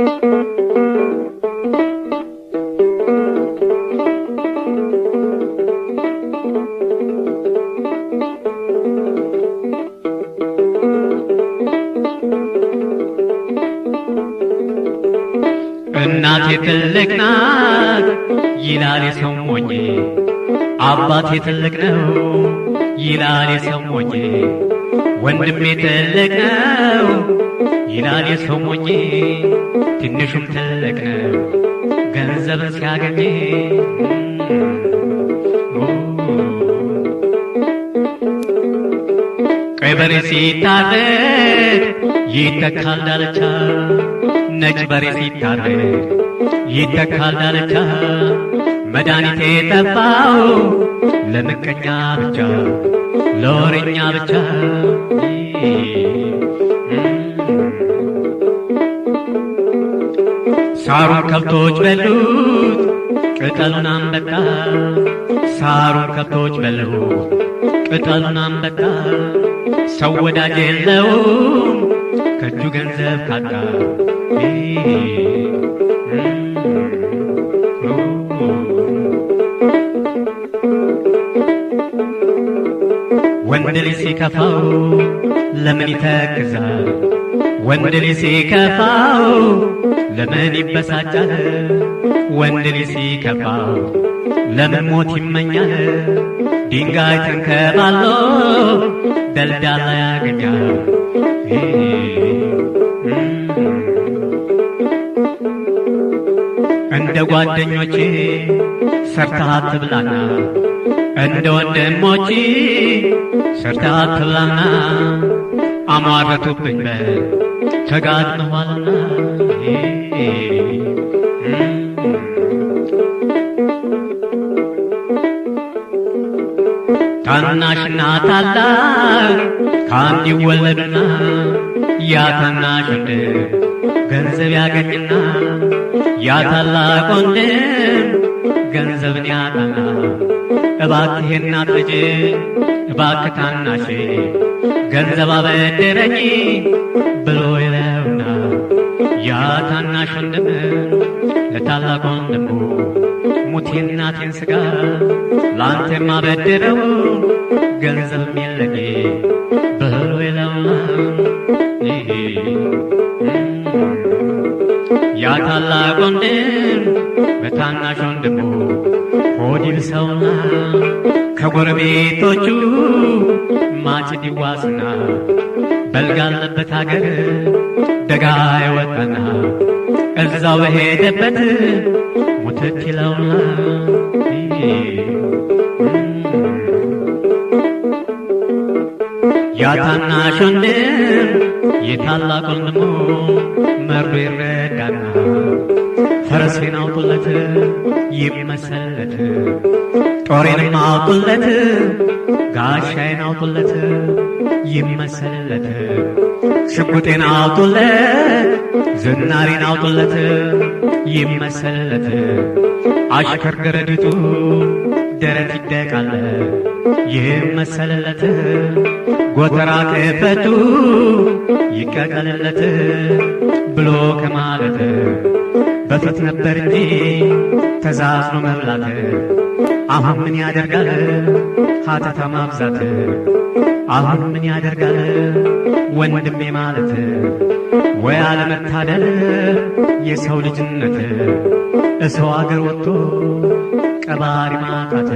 እናቴ ትልቅ ናት ይላል የሰው ሞኝ፣ አባቴ ትልቅ ነው ይላል የሰው ሞኝ፣ ወንድሜ ትልቅ ነው ይላል የሰው ሞኜ ትንሹም ትልቅ ነው ገንዘብን ሲያገኘ ቀይ በሬ ሲታረድ ይተካል ዳለቻ ነጭ በሬ ሲታረድ ይተካል ዳለቻ መድኃኒቴ የጠፋው ለምቀኛ ብቻ ለወረኛ ብቻ ሳሩን ከብቶች በሉት፣ ቅጠሉን አንበጣ። ሳሩን ከብቶች በሉት፣ ቅጠሉን አንበጣ። ሰው ወዳጅ የለውም ከእጁ ገንዘብ ካጣ። ወንድ ልጅ ሲከፋው ለምን ይተክዛል? ወንድ ልጅ ሲከፋው ለምን ይበሳጫል? ወንድ ልጅ ሲከፋው ለምን ሞት ይመኛል? ድንጋይ ተንከባሎ ደልዳላ ያገኛል። እንደ ጓደኞች ሰርተህ አትብላና እንደ ወንድሞች ሰርተህ አትብላና አሟረቱብኝ በል ተጋጥመዋል ታናሽና ታላቅ ከአንድ ይወለድና ያ ታናሽ ወንድም ገንዘብ ያገኝና ያ ታላቅ ወንድም ገንዘብን ያጣና እባክህ እናት ልጄ እባክህ ታናሼ ገንዘብ አበደረኝ ጀግና ወንድም ለታላቅ ወንድሙ ሙቴን የእናቴን ስጋ ለአንተ የማበድረው ገንዘብ የለኝ በሎ የለውና ያ ታላቅ ወንድም ለታናሽ ወንድሙ ሆዲል ሰውና ከጎረቤቶቹ ማጭድ ይዋስና በልግ አለበት አገር ደጋ ይወጣና እዛው በሄደበት ሙትት ይለውና ያታናሽ ወንድም የታላቅ ወንድሙ መርዶ ይረዳና ፈረሴን አውጡለት ይመሰለት ጦሬንም አውጡለት ጋሻዬን አውጡለት ይመሰለት ሽጉጤን አውጡለት ዝናሬን አውጡለት ይመሰለት አሽከር ገረድቱ ደረት ይደቃል ይመሰልለት ጎተራ ከፈቱ ይቀቀልለት ብሎ ከማለት በፊት ነበር እንጂ ተዛዝኖ መብላት አሁን ምን ያደርጋል ሀተታ ማብዛት አሁን ምን ያደርጋል ወንድሜ ማለት ወይ አለመታደል የሰው ልጅነት እሰው አገር ወጥቶ ቀባሪ ማጣት